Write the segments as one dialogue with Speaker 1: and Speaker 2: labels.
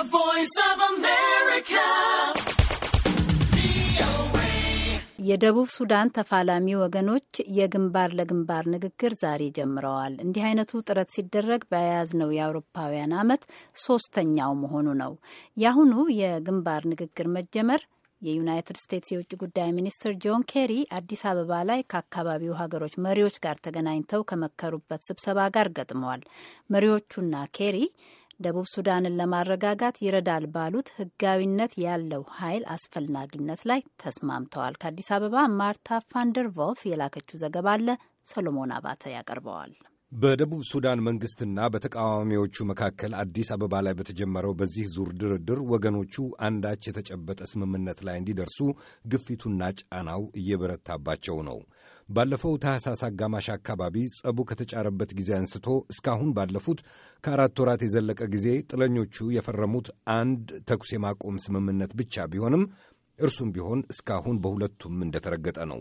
Speaker 1: The Voice of America. የደቡብ ሱዳን ተፋላሚ ወገኖች የግንባር ለግንባር ንግግር ዛሬ ጀምረዋል። እንዲህ አይነቱ ጥረት ሲደረግ በያዝነው የአውሮፓውያን ዓመት ሶስተኛው መሆኑ ነው። የአሁኑ የግንባር ንግግር መጀመር የዩናይትድ ስቴትስ የውጭ ጉዳይ ሚኒስትር ጆን ኬሪ አዲስ አበባ ላይ ከአካባቢው ሀገሮች መሪዎች ጋር ተገናኝተው ከመከሩበት ስብሰባ ጋር ገጥመዋል። መሪዎቹና ኬሪ ደቡብ ሱዳንን ለማረጋጋት ይረዳል ባሉት ህጋዊነት ያለው ኃይል አስፈላጊነት ላይ ተስማምተዋል። ከአዲስ አበባ ማርታ ፋንደር ቮልፍ የላከችው ዘገባ አለ። ሰሎሞን አባተ ያቀርበዋል። በደቡብ ሱዳን መንግስትና በተቃዋሚዎቹ መካከል አዲስ አበባ ላይ በተጀመረው በዚህ ዙር ድርድር ወገኖቹ አንዳች የተጨበጠ ስምምነት ላይ እንዲደርሱ ግፊቱና ጫናው እየበረታባቸው ነው። ባለፈው ታህሳስ አጋማሽ አካባቢ ጸቡ ከተጫረበት ጊዜ አንስቶ እስካሁን ባለፉት ከአራት ወራት የዘለቀ ጊዜ ጥለኞቹ የፈረሙት አንድ ተኩስ የማቆም ስምምነት ብቻ ቢሆንም እርሱም ቢሆን እስካሁን በሁለቱም እንደተረገጠ ነው።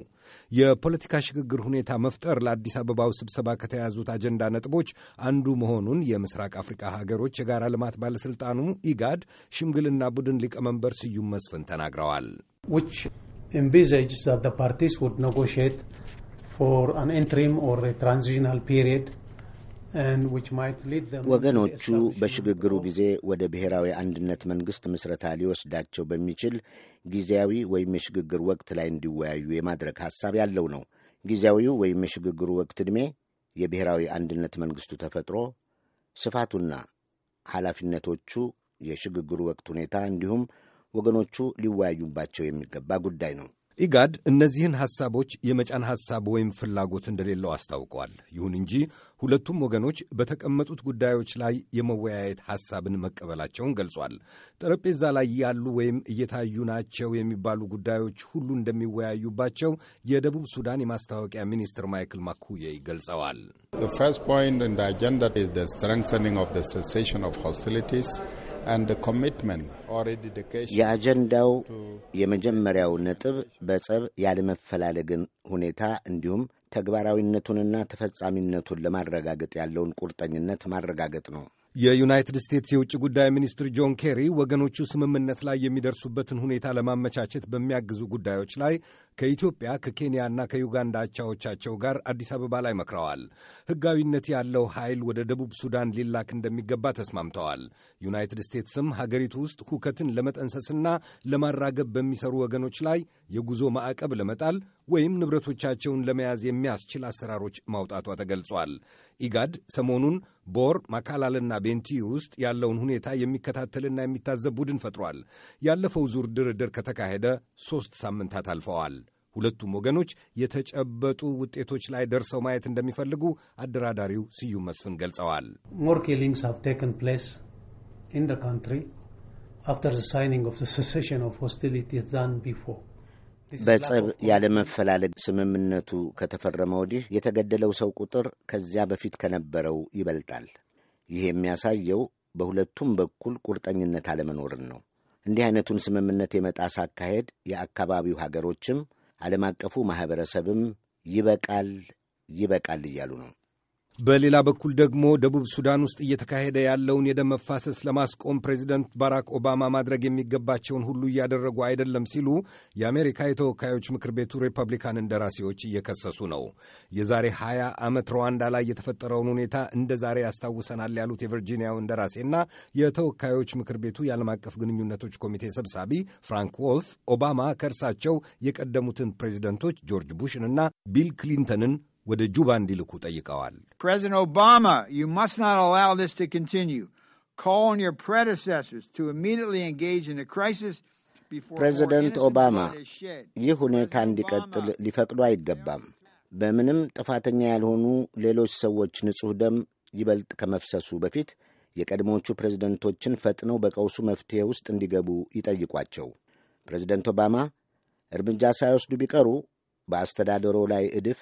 Speaker 1: የፖለቲካ ሽግግር ሁኔታ መፍጠር ለአዲስ አበባው ስብሰባ ከተያዙት አጀንዳ ነጥቦች አንዱ መሆኑን የምስራቅ አፍሪካ ሀገሮች የጋራ ልማት ባለሥልጣኑ ኢጋድ ሽምግልና ቡድን ሊቀመንበር ስዩም መስፍን ተናግረዋል። ወገኖቹ
Speaker 2: በሽግግሩ ጊዜ ወደ ብሔራዊ አንድነት መንግሥት ምስረታ ሊወስዳቸው በሚችል ጊዜያዊ ወይም የሽግግር ወቅት ላይ እንዲወያዩ የማድረግ ሐሳብ ያለው ነው። ጊዜያዊው ወይም የሽግግሩ ወቅት ዕድሜ የብሔራዊ አንድነት መንግሥቱ ተፈጥሮ፣ ስፋቱና ኃላፊነቶቹ፣ የሽግግሩ ወቅት ሁኔታ እንዲሁም ወገኖቹ ሊወያዩባቸው የሚገባ ጉዳይ ነው።
Speaker 1: ኢጋድ እነዚህን ሐሳቦች የመጫን ሐሳብ ወይም ፍላጎት እንደሌለው አስታውቋል። ይሁን እንጂ ሁለቱም ወገኖች በተቀመጡት ጉዳዮች ላይ የመወያየት ሐሳብን መቀበላቸውን ገልጿል። ጠረጴዛ ላይ ያሉ ወይም እየታዩ ናቸው የሚባሉ ጉዳዮች ሁሉ እንደሚወያዩባቸው የደቡብ ሱዳን የማስታወቂያ ሚኒስትር ማይክል ማኩዬይ ገልጸዋል። The
Speaker 2: first point in the agenda is the strengthening of the cessation of hostilities and the commitment or dedication. የአጀንዳው የመጀመሪያው ነጥብ በጸብ ያለመፈላለግን ሁኔታ እንዲሁም ተግባራዊነቱንና ተፈጻሚነቱን ለማረጋገጥ ያለውን ቁርጠኝነት ማረጋገጥ ነው።
Speaker 1: የዩናይትድ ስቴትስ የውጭ ጉዳይ ሚኒስትር ጆን ኬሪ ወገኖቹ ስምምነት ላይ የሚደርሱበትን ሁኔታ ለማመቻቸት በሚያግዙ ጉዳዮች ላይ ከኢትዮጵያ ከኬንያና ከዩጋንዳ አቻዎቻቸው ጋር አዲስ አበባ ላይ መክረዋል። ሕጋዊነት ያለው ኃይል ወደ ደቡብ ሱዳን ሊላክ እንደሚገባ ተስማምተዋል። ዩናይትድ ስቴትስም ሀገሪቱ ውስጥ ሁከትን ለመጠንሰስና ለማራገብ በሚሰሩ ወገኖች ላይ የጉዞ ማዕቀብ ለመጣል ወይም ንብረቶቻቸውን ለመያዝ የሚያስችል አሰራሮች ማውጣቷ ተገልጿል። ኢጋድ ሰሞኑን ቦር ማካላልና ቤንቲ ውስጥ ያለውን ሁኔታ የሚከታተልና የሚታዘብ ቡድን ፈጥሯል። ያለፈው ዙር ድርድር ከተካሄደ ሦስት ሳምንታት አልፈዋል። ሁለቱም ወገኖች የተጨበጡ ውጤቶች ላይ ደርሰው ማየት እንደሚፈልጉ አደራዳሪው ስዩም መስፍን ገልጸዋል። ሞር ኪሊንግስ ሃቭ ቴክን ፕሌስ ኢን ዘ ካንትሪ አፍተር ዘ ሳይኒንግ ኦፍ ዘ ሴሴሽን ኦፍ ሆስቲሊቲ ዛን ቢፎር
Speaker 2: በጸብ ያለመፈላለግ ስምምነቱ ከተፈረመ ወዲህ የተገደለው ሰው ቁጥር ከዚያ በፊት ከነበረው ይበልጣል። ይህ የሚያሳየው በሁለቱም በኩል ቁርጠኝነት አለመኖርን ነው። እንዲህ አይነቱን ስምምነት የመጣስ አካሄድ የአካባቢው ሀገሮችም ዓለም አቀፉ ማኅበረሰብም ይበቃል ይበቃል እያሉ ነው።
Speaker 1: በሌላ በኩል ደግሞ ደቡብ ሱዳን ውስጥ እየተካሄደ ያለውን የደም መፋሰስ ለማስቆም ፕሬዚደንት ባራክ ኦባማ ማድረግ የሚገባቸውን ሁሉ እያደረጉ አይደለም ሲሉ የአሜሪካ የተወካዮች ምክር ቤቱ ሪፐብሊካን እንደራሴዎች እየከሰሱ ነው። የዛሬ 20 ዓመት ሩዋንዳ ላይ የተፈጠረውን ሁኔታ እንደ ዛሬ ያስታውሰናል ያሉት የቨርጂኒያው እንደራሴና የተወካዮች ምክር ቤቱ የዓለም አቀፍ ግንኙነቶች ኮሚቴ ሰብሳቢ ፍራንክ ወልፍ ኦባማ ከእርሳቸው የቀደሙትን ፕሬዚደንቶች ጆርጅ ቡሽንና ቢል ክሊንተንን ወደ ጁባ እንዲልኩ ጠይቀዋል። ፕሬዚደንት ኦባማ አላው ኦባማ
Speaker 2: ይህ ሁኔታ እንዲቀጥል ሊፈቅዱ አይገባም። በምንም ጥፋተኛ ያልሆኑ ሌሎች ሰዎች ንጹሕ ደም ይበልጥ ከመፍሰሱ በፊት የቀድሞዎቹ ፕሬዝደንቶችን ፈጥነው በቀውሱ መፍትሔ ውስጥ እንዲገቡ ይጠይቋቸው። ፕሬዝደንት ኦባማ እርምጃ ሳይወስዱ ቢቀሩ በአስተዳደሮ ላይ እድፍ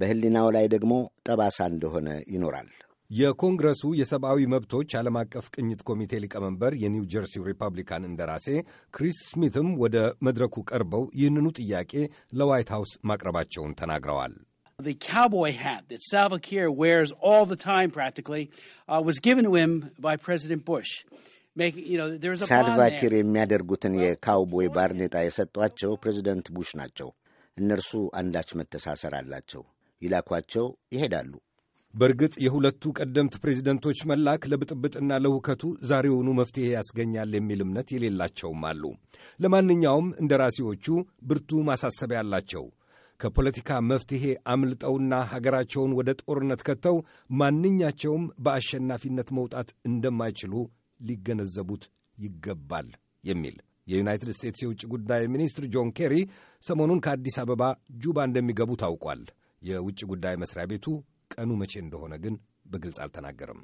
Speaker 2: በህሊናው ላይ ደግሞ ጠባሳ እንደሆነ ይኖራል።
Speaker 1: የኮንግረሱ የሰብአዊ መብቶች ዓለም አቀፍ ቅኝት ኮሚቴ ሊቀመንበር የኒው ጀርሲ ሪፐብሊካን እንደራሴ ክሪስ ስሚትም ወደ መድረኩ ቀርበው ይህንኑ ጥያቄ ለዋይት ሃውስ ማቅረባቸውን ተናግረዋል። ሳልቫኪር
Speaker 2: uh, የሚያደርጉትን የካውቦይ ባርኔጣ የሰጧቸው ፕሬዚደንት ቡሽ ናቸው። እነርሱ አንዳች መተሳሰር አላቸው። ይላኳቸው ይሄዳሉ።
Speaker 1: በእርግጥ የሁለቱ ቀደምት ፕሬዚደንቶች መላክ ለብጥብጥና ለሁከቱ ዛሬውኑ መፍትሔ ያስገኛል የሚል እምነት የሌላቸውም አሉ። ለማንኛውም እንደራሴዎቹ ብርቱ ማሳሰቢያ አላቸው። ከፖለቲካ መፍትሔ አምልጠውና ሀገራቸውን ወደ ጦርነት ከተው ማንኛቸውም በአሸናፊነት መውጣት እንደማይችሉ ሊገነዘቡት ይገባል የሚል የዩናይትድ ስቴትስ የውጭ ጉዳይ ሚኒስትር ጆን ኬሪ ሰሞኑን ከአዲስ አበባ ጁባ እንደሚገቡ ታውቋል። የውጭ ጉዳይ መስሪያ ቤቱ ቀኑ መቼ እንደሆነ ግን በግልጽ አልተናገርም።